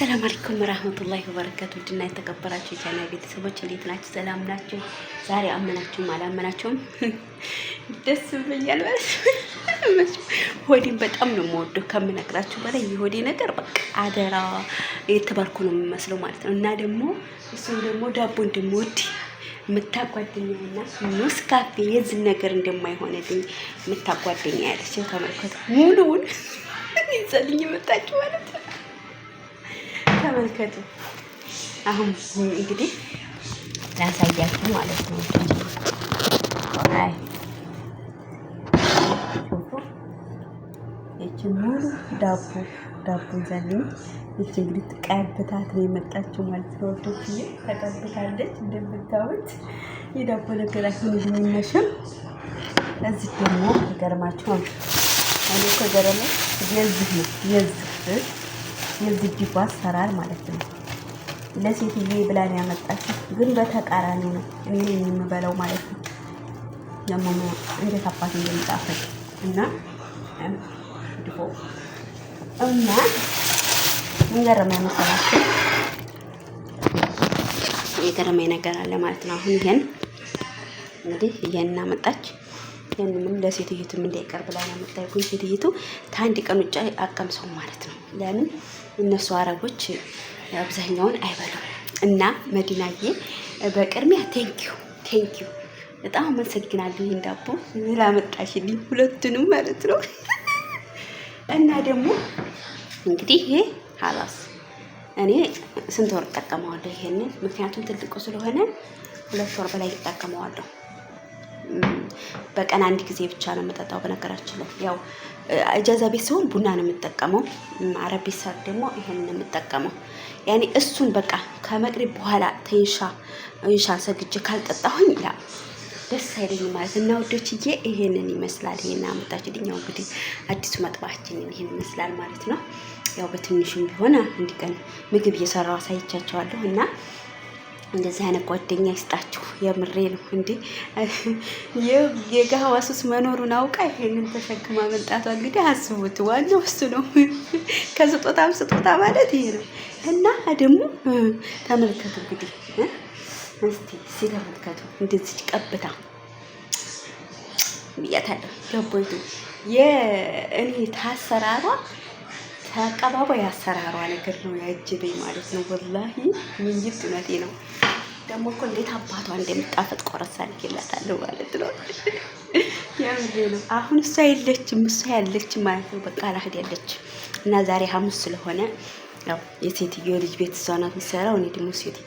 ሰላም አለይኩም ወራህመቱላሂ ወበረካቱ ድና የተከበራችሁ የቻና ቤተሰቦች እንዴት ናችሁ? ሰላም ናችሁ? ዛሬ አመናችሁም አላመናችሁም ደስ ብሎኛል። ሆዴን በጣም ነው የምወደው ከምነግራችሁ በላይ የሆዴ ነገር በቃ አደራ የተባልኩ ነው የሚመስለው ማለት ነው። እና ደግሞ እሱም ደግሞ ዳቦ እንደምወድ የምታጓደኛና ኖስካፌ የዚህ ነገር እንደማይሆንልኝ የምታጓደኛ ያለችው ተመልከቱ። ሙሉውን ይዘልኝ መጣችሁ ማለት ነው ተመልከቱ። አሁን እንግዲህ ላሳያችሁ ማለት ነው። አይ እቺ ሙሉ ዳቦ ዳቦ ይዛለኝ። እቺ እንግዲህ ተቀብታት ነው የመጣችው ማለት ነው። ወጥቶ ተቀብታለች። እንደምታዩት የዳቦ ነገራችን እንደሚመሽም እዚህ ደግሞ ይገርማችሁ እኔ እኮ ገረመኝ። የዚህ ነው የዚህ የዝግጅቱ አሰራር ማለት ነው። ለሴትዬ ብላን ያመጣች ግን በተቃራኒ ነው እኔ የምበላው ማለት ነው። ደግሞ እንዴት አባት እንደሚጣፈጥ እና ድፎ እና እንገረማ መሰላቸው የገረመኝ ነገር አለ ማለት ነው። አሁን ይሄን እንግዲህ ይሄን አመጣች። ይሄንንም ለሴትዮቱም እንዳይቀርብ ላይ አመጣች። ግን ሴትዮቱ ታንድ ቀን ውጭ አቀምሰው ማለት ነው ለምን እነሱ አረቦች አብዛኛውን አይበሉም። እና መዲናዬ በቅድሚያ ቴንኪዩ ቴንኪዩ በጣም አመሰግናለሁ። ይህን ዳቦ ላመጣሽልኝ ሁለቱንም ማለት ነው። እና ደግሞ እንግዲህ ይሄ ሀላስ እኔ ስንት ወር እጠቀመዋለሁ ይሄንን፣ ምክንያቱም ትልቁ ስለሆነ ሁለት ወር በላይ እጠቀመዋለሁ። በቀን አንድ ጊዜ ብቻ ነው የምጠጣው። በነገራችን ላይ ያው እጃዛ ቤት ሲሆን ቡና ነው የምጠቀመው፣ አረቤ ሳር ደግሞ ይሄን ነው የምጠቀመው። ያኔ እሱን በቃ ከመቅሪብ በኋላ ተንሻ እንሻ ሰግጄ ካልጠጣሁኝ ያ ደስ አይለኝም ማለት እና ውዶችዬ፣ ይሄንን ይመስላል። ይሄን አመጣችሁልኝ። ድኛው እንግዲህ አዲሱ መጥባችንን ይሄን ይመስላል ማለት ነው። ያው በትንሹም ቢሆን አንድ ቀን ምግብ እየሰራሁ አሳይቻቸዋለሁ እና እንደዚህ አይነት ጓደኛ ይስጣችሁ። የምሬ ነው እንዴ! የጋህዋ ሱስ መኖሩን አውቃ ይሄንን ተሸክማ መምጣቷ እንግዲህ አስቡት። ዋናው እሱ ነው። ከስጦታም ስጦታ ማለት ይሄ ነው እና ደግሞ ተመልከቱ እንግዲህ እስቲ እዚህ ተመልከቱ። እንደዚች ቀብታ ብያታለሁ። ገቦይቱ የእኔ ታሰራሯ ተቀባባይ አሰራሯ ነገር ነው ያጅበኝ ማለት ነው። ወላሂ ምይት እውነቴ ነው። ደግሞ እኮ እንዴት አባቷ እንደምጣፈጥ ቆረሳ ልኬላታለሁ ማለት ነው። አሁን እሷ የለችም እሷ ያለች ማለት ነው። በቃ ላህድ ያለች እና ዛሬ ሐሙስ ስለሆነ ያው የሴትዮ ልጅ ቤት እሷ ናት የምትሰራው። እኔ ደግሞ ሴትዮ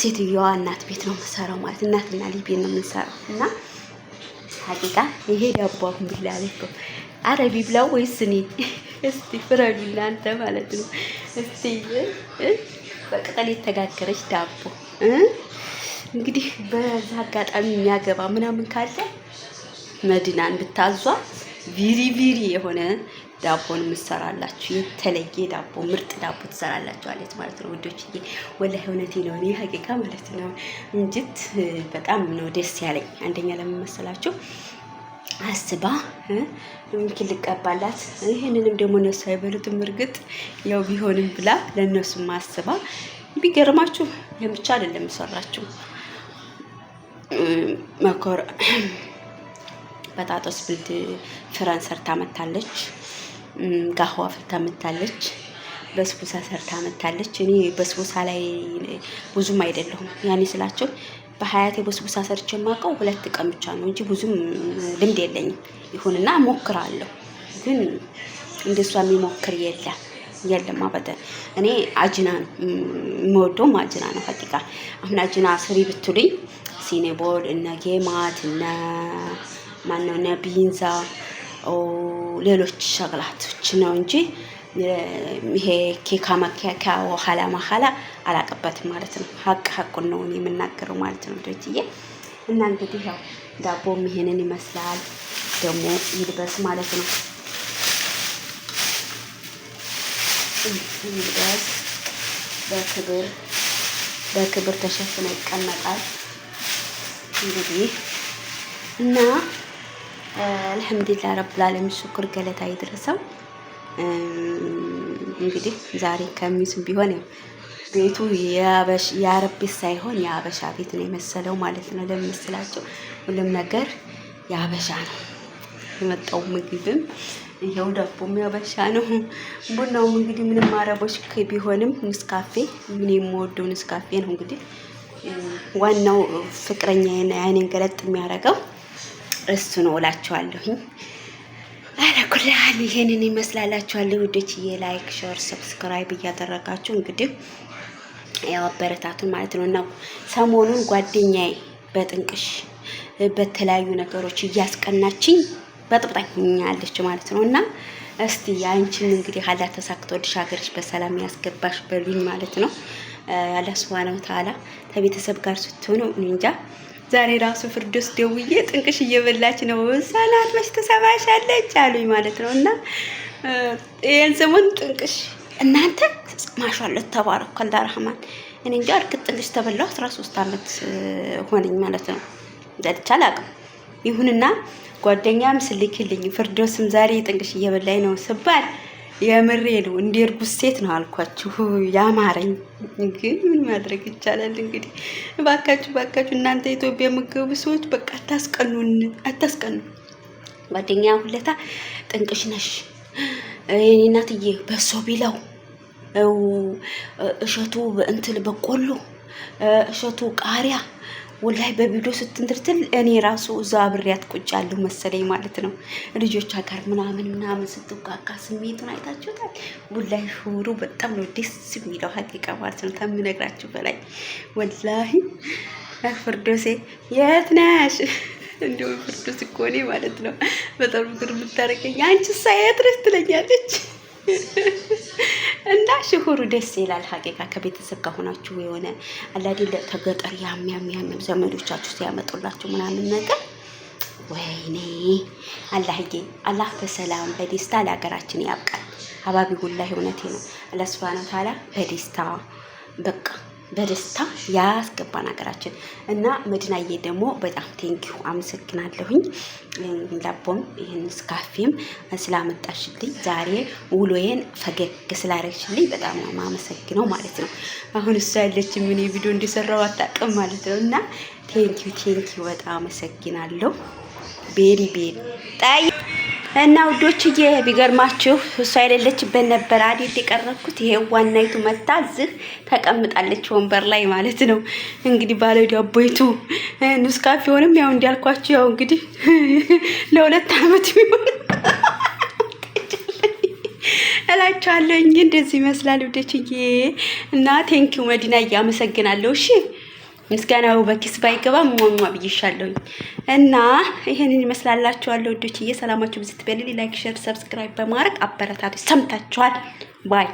ሴትዮዋ እናት ቤት ነው የምትሰራው ማለት እናትና ልጅ ቤት ነው የምንሰራው እና ሀቂቃ ይሄ ዳቦ አሁን ቢላ አረቢ ብላው ወይስ እኔ? እስቲ ፍረዱ እናንተ ማለት ነው እስቲ በቅጠል የተጋገረች ዳቦ እንግዲህ በዛ አጋጣሚ የሚያገባ ምናምን ካለ መዲናን ብታዟ ቪሪ ቪሪ የሆነ ዳቦን የምትሰራላችሁ የተለየ ዳቦ ምርጥ ዳቦ ትሰራላችኋለች ማለት ነው ውዶችዬ። ወላሂ እውነቴ ነው እኔ ሀቂቃ ማለት ነው እንጂት በጣም ነው ደስ ያለኝ። አንደኛ ለምን መሰላችሁ አስባ ምኪን ልቀባላት ይህንንም ደግሞ እነሱ አይበሉትም። እርግጥ ያው ቢሆንም ብላ ለእነሱም አስባ ቢገርማችሁ ለምቻ አይደለም የሰራችሁ መኮር በጣጦስ ብልድ ፍረን ሰርታ መታለች። ጋህዋ ፍልታ መታለች። በስቡሳ ሰርታ መታለች። እኔ በስቡሳ ላይ ብዙም አይደለሁም ያኔ ስላቸው በሀያቴ የቦስቡሳ ሰርቼ የማውቀው ሁለት ቀን ብቻ ነው እንጂ ብዙም ልምድ የለኝም። ይሁንና ሞክራለሁ፣ ግን እንደሷ የሚሞክር የለም የለም አበደን። እኔ አጅና የምወደውም አጅና ነው። ፈቂቃ አሁን አጅና ስሪ ብትሉኝ ሲኔቦል እነ ጌማት እነ ማነው እነ ቢንዛ ሌሎች ሸቅላቶች ነው እንጂ ይሄ ኬካ መኪያካ ኋላ መሀላ አላቀበትም ማለት ነው። ሀቅ ሀቁን ነው የምናገረው ማለት ነው ልጆችዬ። እና እንግዲህ ያው ዳቦም ይሄንን ይመስላል ደግሞ ይልበስ ማለት ነው። ይልበስ በክብር በክብር ተሸፍኖ ይቀመጣል እንግዲህ እና አልሐምዱሊላህ ረብል ዓለሚን ሹክር ገለታ ይድረሰው። እንግዲህ ዛሬ ከሚሱም ቢሆን ያው ቤቱ የአረብ ቤት ሳይሆን የአበሻ ቤት ነው የመሰለው ማለት ነው። ለምስላቸው ሁሉም ነገር የአበሻ ነው። የመጣው ምግብም ይኸው ዳቦም ያበሻ ነው። ቡናውም እንግዲህ ምንም አረቦች ቢሆንም ንስካፌ ምን የምወደው ንስካፌ ነው። እንግዲህ ዋናው ፍቅረኛ የኔን ገለጥ የሚያደርገው እሱ ነው እላቸዋለሁኝ። ብርሃን ይሄንን ይመስላላችኋል ውዶች። የላይክ ሸር ሰብስክራይብ እያደረጋችሁ እንግዲህ ያው አበረታቱን ማለት ነው እና ሰሞኑን ጓደኛዬ በጥንቅሽ በተለያዩ ነገሮች እያስቀናችኝ በጥብጣኛለች ማለት ነው እና እስቲ አንቺን እንግዲህ አላህ ተሳክቶልሽ ሀገርሽ በሰላም ያስገባሽ በሉኝ ማለት ነው። አላህ ሱብሃነሁ ወተዓላ ከቤተሰብ ጋር ስትሆኑ እንጃ ዛሬ ራሱ ፍርድ ውስጥ ደውዬ ጥንቅሽ እየበላች ነው ሰላት መች ትሰማሻለች አሉኝ ማለት ነው። እና ይህን ስሙን ጥንቅሽ እናንተ ማሻለት ተባረኩ ተባረከ ረህማን እኔ እንጃ እርግጥ ጥንቅሽ ተበላሁ አስራ ሶስት አመት ሆነኝ ማለት ነው። ዘልቻ አላውቅም። ይሁንና ጓደኛም ስልክልኝ ፍርድ ውስጥም ዛሬ ጥንቅሽ እየበላይ ነው ስባል የምሬ ነው። እንደ እርጉዝ ሴት ነው አልኳችሁ ያማረኝ። ግን ምን ማድረግ ይቻላል እንግዲህ። ባካችሁ ባካችሁ እናንተ ኢትዮጵያ ምግብ ሰዎች በቃ አታስቀኑን፣ አታስቀኑ። ጓደኛ ሁለታ ጥንቅሽ ነሽ የኔ እናትዬ በሶ ቢለው እሸቱ እንትን በቆሎ እሸቱ ቃሪያ ወላይ በቪዲዮ ስትንትርትል እኔ ራሱ እዛ አብሬያት ቁጭ ያለሁ መሰለኝ ማለት ነው። ልጆቿ ጋር ምናምን ምናምን ስትጋጋ ስሜቱን አይታችሁታል። ወላይ ሹሩ በጣም ነው ደስ የሚለው ሀቂቃ ማለት ነው ከምነግራችሁ በላይ ወላይ ፍርዶሴ የት ነሽ? እንዲሁ ፍርዶስ እኮ እኔ ማለት ነው በጣም አንቺ ትለኛለች። ሽሁሩ ደስ ይላል። ሀቂቃ ከቤተሰብ ከሆናችሁ የሆነ አላዲ ተገጠር ያም ያም ዘመዶቻችሁ ሲያመጡላችሁ ምናምን ነገር ወይኔ አላህዬ አላህ በሰላም በደስታ ለሀገራችን ያብቃል። አባቢ ጉላ እውነቴ ነው። አላህ ሱብሃነሁ ወተዓላ በደስታ በቃ በደስታ ያስገባን ሀገራችን እና መድናዬ ደግሞ በጣም ቴንኪው አመሰግናለሁኝ። ላቦም ይህን ስካፌም ስላመጣሽልኝ ዛሬ ውሎዬን ፈገግ ስላደረግሽልኝ በጣም ነው ማመሰግነው ማለት ነው። አሁን እሷ ያለች ምን ቪዲዮ እንዲሰራው አታውቅም ማለት ነው እና ቴንኪው ቴንኪው በጣም አመሰግናለሁ። ቤሪ ቤሪ ጣይ እና ውዶችዬ ቢገርማችሁ እሷ የሌለችበት ነበር አይደል የቀረብኩት። ይሄ ዋናይቱ መታ እዚህ ተቀምጣለች ወንበር ላይ ማለት ነው። እንግዲህ ባለ ዳቦይቱ ኑስካፌውንም ያው እንዳልኳችሁ ያው እንግዲህ ለሁለት አመት ቢሆን እላችኋለሁ። እንደዚህ ይመስላል ውዶችዬ እና ቴንኪው መዲና እያመሰግናለሁ። እሺ ምስጋና በኪስ ባይገባ ሟሟ ብዬሻለሁኝ። እና ይሄንን ይመስላላችኋለሁ ወዶችዬ። ሰላማችሁ ብዝት በልል። ላይክ፣ ሼር፣ ሰብስክራይብ በማድረግ አበረታቱ። ሰምታችኋል ባይ